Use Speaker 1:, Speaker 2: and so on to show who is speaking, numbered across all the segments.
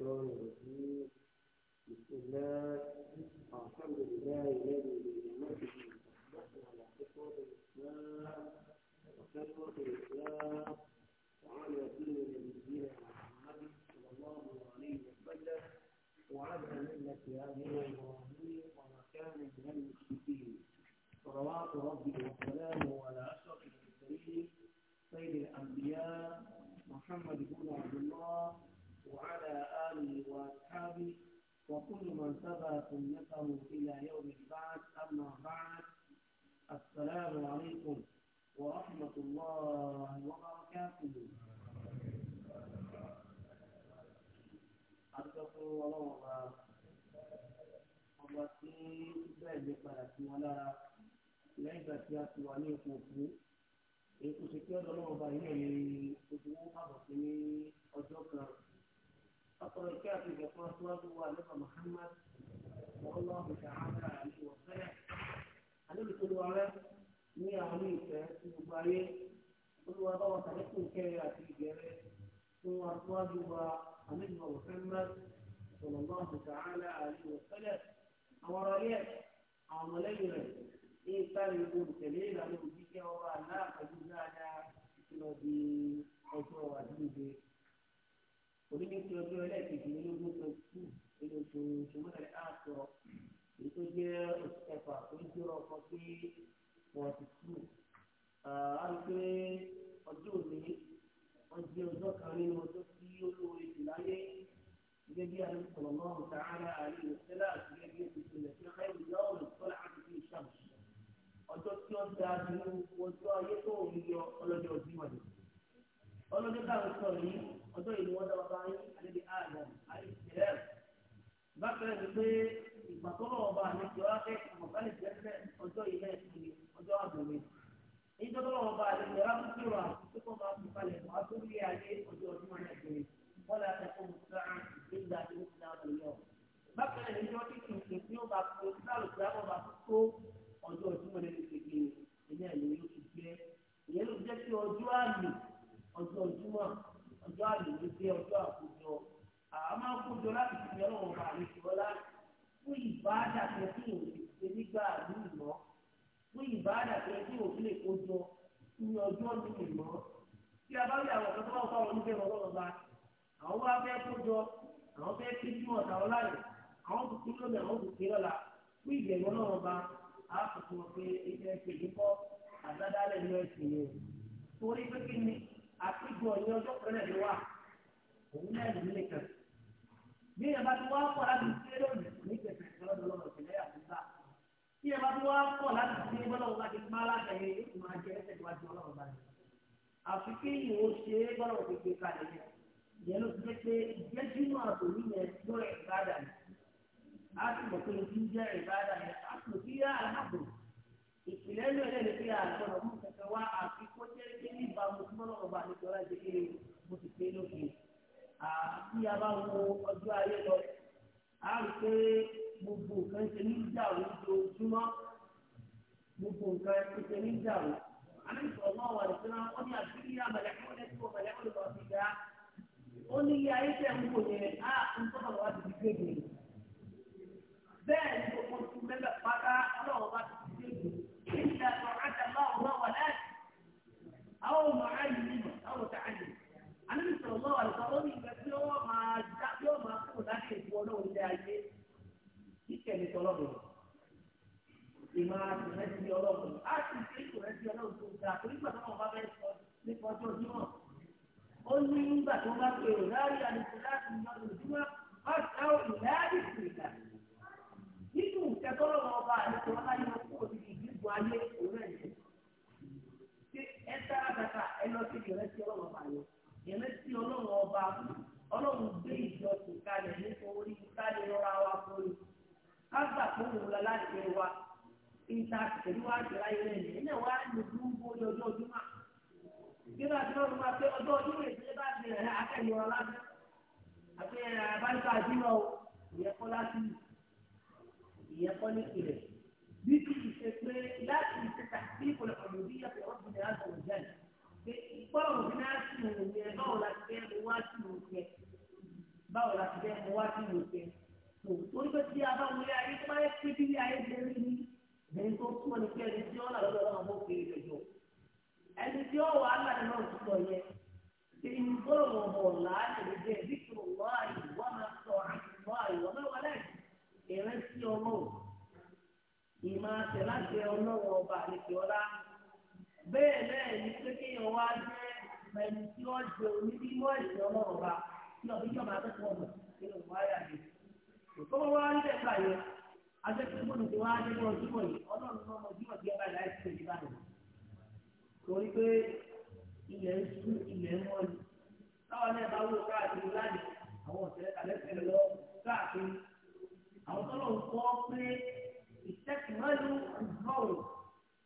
Speaker 1: الشيطان الرجيم بسم الله الحمد لله الذي بنعمته على فطرة الإسلام وكثرة الإسلام وعلى دين نبينا محمد صلى الله عليه وسلم وعلى ملة أبينا إبراهيم وما كان من المشركين صلوات ربي وسلامه على أشرف المرسلين سيد الأنبياء محمد بن عبد الله وعلى آله وأصحابه وكل من تبع سنته إلى يوم البعث أما بعد السلام عليكم ورحمة الله وبركاته أرجوكم الله ọba tí bẹ́ẹ̀ lè padà sí wọn lára lẹ́yìn ìgbà tí a ti wà ní ipò òkú èkó ṣe kí ọ̀dọ́ náà ọba yìí ní ojúmọ́ àbọ̀ sí ní ọjọ́ kan أطول الكافي بإخوان الله وأنبى محمد والله تعالى عليه وسلم النبي صلى الله عليه وسلم ní àwọn ìfẹ́ tí gbogbo ayé olúwa bá wa sàlékún kẹrẹ àti ìgẹrẹ fún aṣáájú wa àmìlò Muhammad sallallahu ta'ala alaihi wa sallam àwọn ọ̀rọ̀ yẹ àwọn mọ̀lẹ́yìn rẹ̀ ní ìtàrí olùtẹ̀lé ìlànà òjíṣẹ́ ọba aláàbàjú dáadáa ìṣúná di ọjọ́ àdúgbò oníbi tí ọjọ́ ẹlẹ́ẹ̀kejì ní ológun tó kù nínú oṣù ṣùgbọ́n àṣọ èyí tó jẹ́ oṣù kẹfà tó ń dúró ọkọ pé forty two á rí pé ọjọ́ òní wọ́n jẹ́ ọjọ́ kan nínú ọjọ́ tí ó lóore jù láyé gẹ́gẹ́ bí alẹ́ sọ̀rọ̀ náà ń sàárà àlẹ́ ìrẹsẹ́lá àti gẹ́gẹ́ bí ìpìlẹ̀ tí ọ̀hẹ́ ìlú yọ̀ọ́ olùkọ́lá àti bí ìṣàmùsùn ọjọ́ tí ó dáa ju ọjọ́ ayé tó ń yọ ọlọ́jọ́ ọdún wà nìyí ọlọ́dún táwọn sọ yìí ọjọ́ ìlú wọn dáwọ́ báyìí àlebi ààyè àìsílẹ̀ bákan ní pé ìgbà tó lọ́wọ́ bá àlejò afẹ́ àmọ̀kálẹ̀ jẹ́sẹ̀ ọjọ́ ilẹ̀ ìsinmi ọjọ́ àgbègbè níjọ́ tó lọ́wọ́ bá àlejò afẹ́ tó rà tó kọ́ máa fi kalẹ̀ wá sórí ayé ọjọ́ ọdún fún ìbáàdà tó yẹ kí òfin lè kó jọ ní ọjọ́ ní ìmọ̀ tí a bá rí àwọn kan tó bá wọ́n fáwọn oníbẹ̀rẹ̀ ọlọ́run bá àwọn wá fẹ́ kó jọ àwọn fẹ́ kí bí tàwọn láàyè àwọn kò kí lónìí àwọn kò kí lọ́la fún ìbẹ̀rẹ̀ ọlọ́run bá a kò tó wọn pé ilé yìí kọ́ àdádálẹ̀ ní ẹsẹ̀ yẹn torí pé kí ni àpéjọ ní ọjọ́ pẹ́lẹ́ tí ẹ bá tó wá pọ̀ láti ṣe bọ́lọ́wọ́ bá ti pa látẹ̀yẹ yóò tún máa jẹ ẹsẹ̀ wájú ọlọ́wọ́ bá yẹn àfi kí ìwò ṣe bọ́lọ́wọ́ ti gbé kalẹ̀ yẹn ìyẹn ló ti jẹ́ pé ìjẹ́júmọ́ àtòrí yẹn ló rẹ̀ ìbáda yẹn á sì mọ̀ pé ojú jẹ́ ìbáda yẹn á sì mọ̀ kí yá àlábò ìpìlẹ̀ ló yẹ lè fi àgbọ̀dọ̀ mú kẹ̀kẹ́ wá àfi kó jẹ́ pé nígbà mo ti bọ́lọ́wọ́ bá mi jọra ṣe kéré mo ti pé wọ́n ṣe ní ìdàrú lójoojúmọ́ gbogbo nǹkan ẹ̀ ṣe ní ìdàrú. àmì ìfọ̀mọ́ wà ní sinmi wọ́n ní àbílí àmàlẹ́kùn lẹ́kùn màlẹ́kùn lọ́wọ́ ti dá. ó ní iye ayé tẹ̀ ń wò yẹn á ń tọ́ bàbá ti di gbèdè. bẹ́ẹ̀ ni gbogbo oṣù mẹ́fẹ̀ pátá ọlọ́wọ́ bá ti di gbèdè. ìṣe àtọ̀ àtàlọ́ ọ̀rọ̀ wà láì. àwọn ọmọ ayé ni àwọn ọ̀tá ayé. àmì ìfọ̀mọ́ wà ní títẹ̀lé tọ́lọ́dọ̀ ìmọ̀ àtìrẹ́sì ọlọ́run láti ṣe ìtòrẹ́sì ọlọ́run tó dáa torí pàtó wọn bá fẹ́ sọ nípa ọjọ́ ojúmọ̀ ó ní nígbà tó bá pè ó láàrí àlùkò láti bá ṣá láàrí ìgbà nínú ọba ìdìbò ayé yẹn ṣé ẹ dára kàkà ẹ lọ sí ọlọ́run ọba yẹn ọlọ́run ọba ọlọ́run gbé ìjọ kágbà tó wù lọ láti ṣe wa ìta pẹ̀lú wa jẹ́ ayé rẹ̀ ní ilé wa lè dúró bó ní ọjọ́ ọdún mà. Gbéra tí wọ́n máa pé ọjọ́ ọdún rẹ̀ ṣe bá ti rẹ̀ akẹ́yìn ọ̀la bẹ́ẹ̀. Àti eh, àbáríkà àdúrà o, ìyẹn kọ́ láti ìyẹn kọ́ ní ìrẹ̀. Bí kì í ṣe pé láti ìṣẹ̀ta sí ìpolẹ̀ ọ̀dọ̀ bí yàtọ̀ ọ̀gbìn ní àgbọ̀n jẹ́ pé ìpọ́lọ̀ òbí náà sì ń wò yẹn báwo la ti fẹ́ mo wá sí ìwòsàn báwo la ti fẹ́ mo wá sí ìwòsàn torí pé tí a bá wọlé ayé tó bá yẹ pé bí ayé ti rí ni ẹni tó kú ẹni pé ẹni tí ó là lọ́dọ̀ ọlọ́run bó kéré rẹ̀ jọ ẹni tí ó wà á là nínú òtútọ̀ yẹ ṣe ìmúgbọ́rọ̀ ọ̀bọ̀ làálẹ̀ ló jẹ́ bí kò wá ìwà máa sọ àtìmọ́ àìwọ́ mẹ́wàá láì ìrántí ọlọ́run ìmọ̀ àtẹ̀ láti ọlọ́run ọba àlejò ọlá bẹ́ẹ̀ bẹ́ẹ̀ ni pé kéèyàn wá jẹ́ ẹni tí ó jẹ onídìímọ̀ ìṣẹ́ ọlọ́run ọba tí ọ̀bí tó wá ní ẹ̀ka yẹn aṣẹ́kùnrin tó wá ní ọjọ́ ìmọ̀ yìí ọlọ́run náà mọ̀ jímọ̀ tí ẹ bá yà bá yẹn. torí pé ilẹ̀ ń sún ilẹ̀ ń wọ́n ni táwọn náà bá wò káàkiri lánàá àwọn ọ̀sẹ̀ àlẹ́sẹ̀ lọ káàkiri àwọn tó lọ́n kọ́ pé ìtẹ́kùnrin ìgbọ̀wọ̀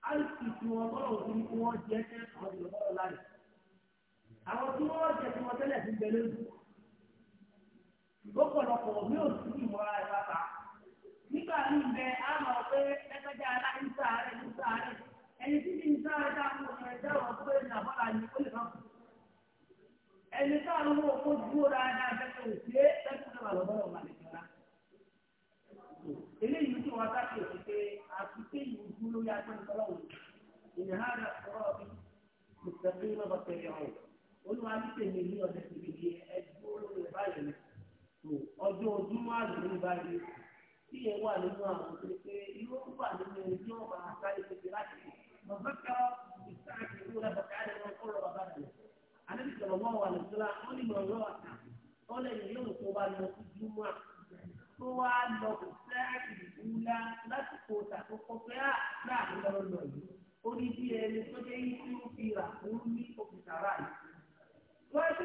Speaker 1: àìsí tí wọ́n bọ́ lọ́wọ́ fún wọn jẹ́ àwọn ìlú lọ́pọ̀lọpọ̀ mi ò sí ìmọ̀ra ẹ̀ nígbà míì bẹ á mọ̀ pé ẹgbẹ́jà aláìní sáré ní sáré ẹni tí kì í sáré dáhùn ọ̀sán ẹ̀dá ọ̀rọ̀ pé nàbọ́là ni ó lè má kú. ẹni sáré owó kó dúró dáadáa bẹ́ẹ̀ kò sí é lẹ́kùn náà lọ́wọ́ ọ̀ma lè jọra. eléyìí tí wọ́n sáké òsì pé àtúnṣe yìí pé ìtọ́lọ́wọ̀ ìyàhálà ọ̀rọ̀ bí mùsùlùmí lọ́bọ̀ tẹ̀lé ọdún ọdún márùn ní báyìí tí yẹn wà nínú àwọn tó pé irú wà nínú ẹni tí wọn bá ń sáré tètè láti bàbá ká ìsáàkì ìlú rẹ bàtà rẹ wọn kọrọ bàbá rẹ àdébí sọ̀rọ̀ wọn wà lọsọlá wọn ní mọ ọ̀rọ̀ àtà wọn lẹ́yìn yóò tó wà lọ sí júmọ tó wà lọ kò sáàkì ìlú la láti kó tàkókò pé à láàrin lọ lọ yìí ó ní bí ẹni tó jẹ́ yìí tí ó fi rà fún ní òkúta ráàyè wọn ti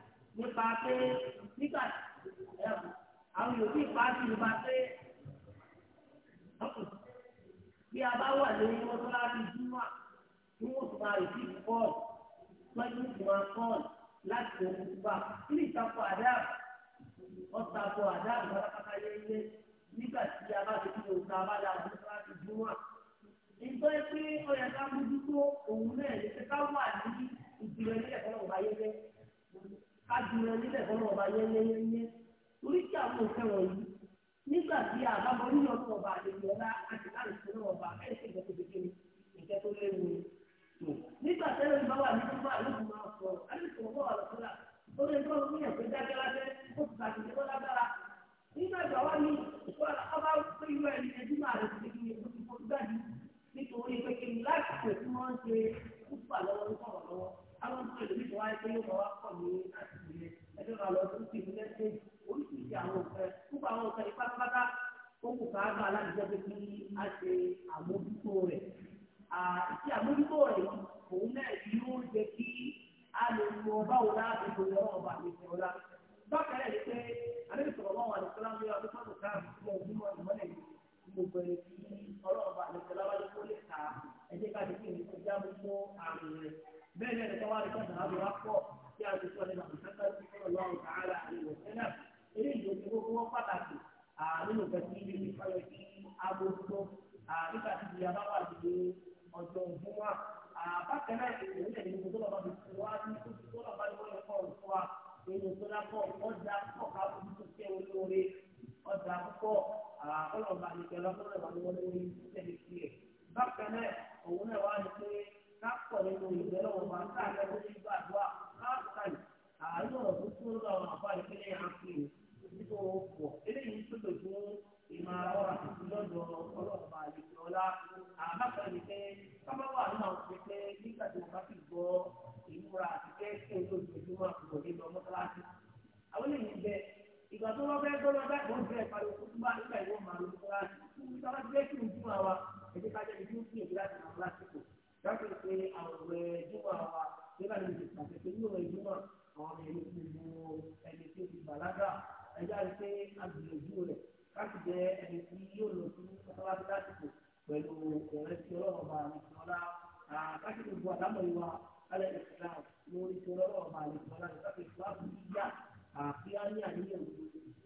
Speaker 1: nípa pé nígbà àwọn yòókù ìpàdé nípa pé bí a bá wà lórí mọ́tòláàbí júmọ́ tí wọ́n ti máa rìsí kọ́ọ̀lù lọ́jọ́ tí máa kọ́ọ̀lù láti òun ti bá kílì ìtakò àdáàbò ọ̀tàkò àdáàbò pátápátá yẹ́yẹ́ nígbà tí a bá ti kí òun ká bá dáa mọ́tòláàbí júmọ́ ìgbọ́ pé ọ̀yà ká mójútó òun náà ní ká wà ní ìgbìyànjú ẹ̀kọ́ náà wáyé bẹ́ẹ̀ kájúmọ̀ nílẹ̀ fọlọ́ ọba yẹ́nyẹ́nyẹ́ torí kí àwọn òfin wọ̀nyí nígbà tí àbábọ̀ nínú ọba àdéhùn ọ̀la àti láàrín ọ̀nà ọba ẹ̀ láti jẹ́ pé kí a ṣe àmójútó rẹ̀. Àti àmójútó rẹ̀ òun náà yóò jẹ́ kí a lè lo ọba wo láti lo ọba mi sọ̀rọ̀ la. Bákan náà ni pé àlejò sọ̀rọ̀ wọn wà ní Sọlá ní ọdún mọ́tò káàmù sí ọdún mọ́tò mọ́lẹ̀ gbogbo ẹ̀ tí ọ̀rọ̀ ọba mi sọ̀rọ̀ wájú kó lè ta ẹ̀jẹ̀ káàdì kí ni ọjà mú mọ́ àrùn rẹ̀. Bẹ́ẹ̀ ni ẹ̀ka wá rí kọ́ńtà àbí wá pọ̀ tí a ti sọ ní Màmúsátá sí ọlọ́run tààrà àríwọ̀ sẹ́nà. Eléyìí ló ti pàtàkì àrùn òkè tí ibi ní agogo nígbà tí ìyá bá wà ní ọjọ́ ògùn wa bákan náà èyí lè ní gbogbo lọ́ba fi fún wa ní gbogbo lọ́ba ní wọ́n yẹ kọ́ òfin wa èyí tó lápọ̀ ọjà ọ̀ka gbogbo tó kẹ́ olóore ọjà púpọ̀ ọlọ́ba nìkẹ́ lọ́kọ́ lọ́ba ní wọ́n lórí ni pé sábà wà nínú àwọn òṣèré pé nígbà tí wọ́n bá ti gbọ́ ìmúra àti pé kí n tó ìgbésí máa fi wọlé lọ mọ́sálásí. àwọn èèyàn bẹ ìgbà tó wọ́n fẹ́ gbọ́dọ̀ bá ìwọ̀n bẹ̀rẹ̀ pariwo kó túbọ̀ nígbà ìwọ̀n máa lọ mọ́sálásí. fún sábà ti fẹ́ kí n júmọ̀ wa ẹ̀jẹ̀ ká jẹ́ ibi tí èdè láti máa lásìkò. dákì pé àwẹ̀ júmọ̀ wa nígbà tí mo pàṣẹ pé ní òwe júmọ̀ àwọn èèyàn ti bu ẹni tí ó ti bàlágà ẹ̀jẹ̀ àti pé agbègbè rẹ̀ láti jẹ ẹni tí yóò lọ sí mọ́sálásí lásìkò pẹ̀lú ìrẹsì ọlọ́run bá mi sọ́lá káṣí gbogbo àdámọ̀ ìwà alẹ́ ìsìlám lórí ti ọlọ́run bá mi sọ́lá ìsìlámù ìsìlámù yíyá àfi á ní àníyàn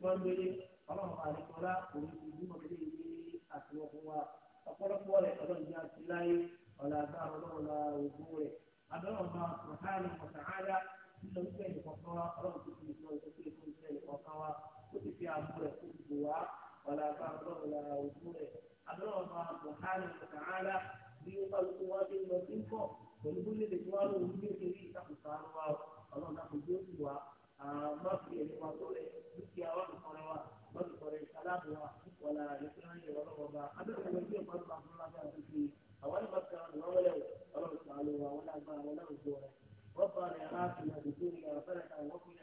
Speaker 1: wọn gbélé ọlọ́run bá mi sọ́lá òun ti bímọ sí ilé àtiwọ́ fún wa ọ̀pọ̀lọpọ̀ rẹ̀ ọlọ́run yá sí láyé ọ̀là àgbà ọlọ́run la ògùn rẹ̀ abẹ́wọ̀n bá sùhánì mọ̀tàhálà nínú ìgbẹ́ ìkọ̀kan wa ọlọ́run ti fi ìsọ̀rọ̀ ولا فقر ولا وجوع أدرى الله سبحانه وتعالى بخلق واجب وفقه ولكل ذكوان وجوده تقصان الله نقول جوه ما في المطور بكي أوان قروا ما في قرى السلام ولا يسرعي ولا وضع أدرى وجوه قرب الله فيه أول مكان ولا ولا سعلوا ولا ما ولا وجوه ربنا يا آتنا بالدنيا فلك وفي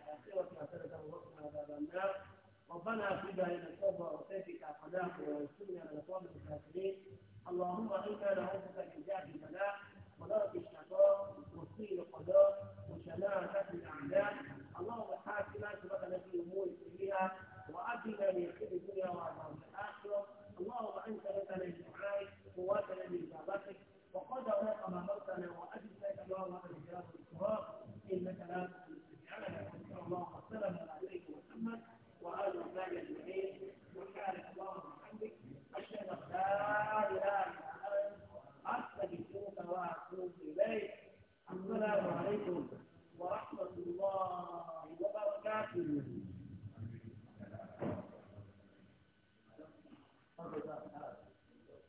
Speaker 1: ربنا أخرجنا من التوبة وسيفك أقدامنا وانصرنا على القوم الكافرين اللهم إنا نعوذ بك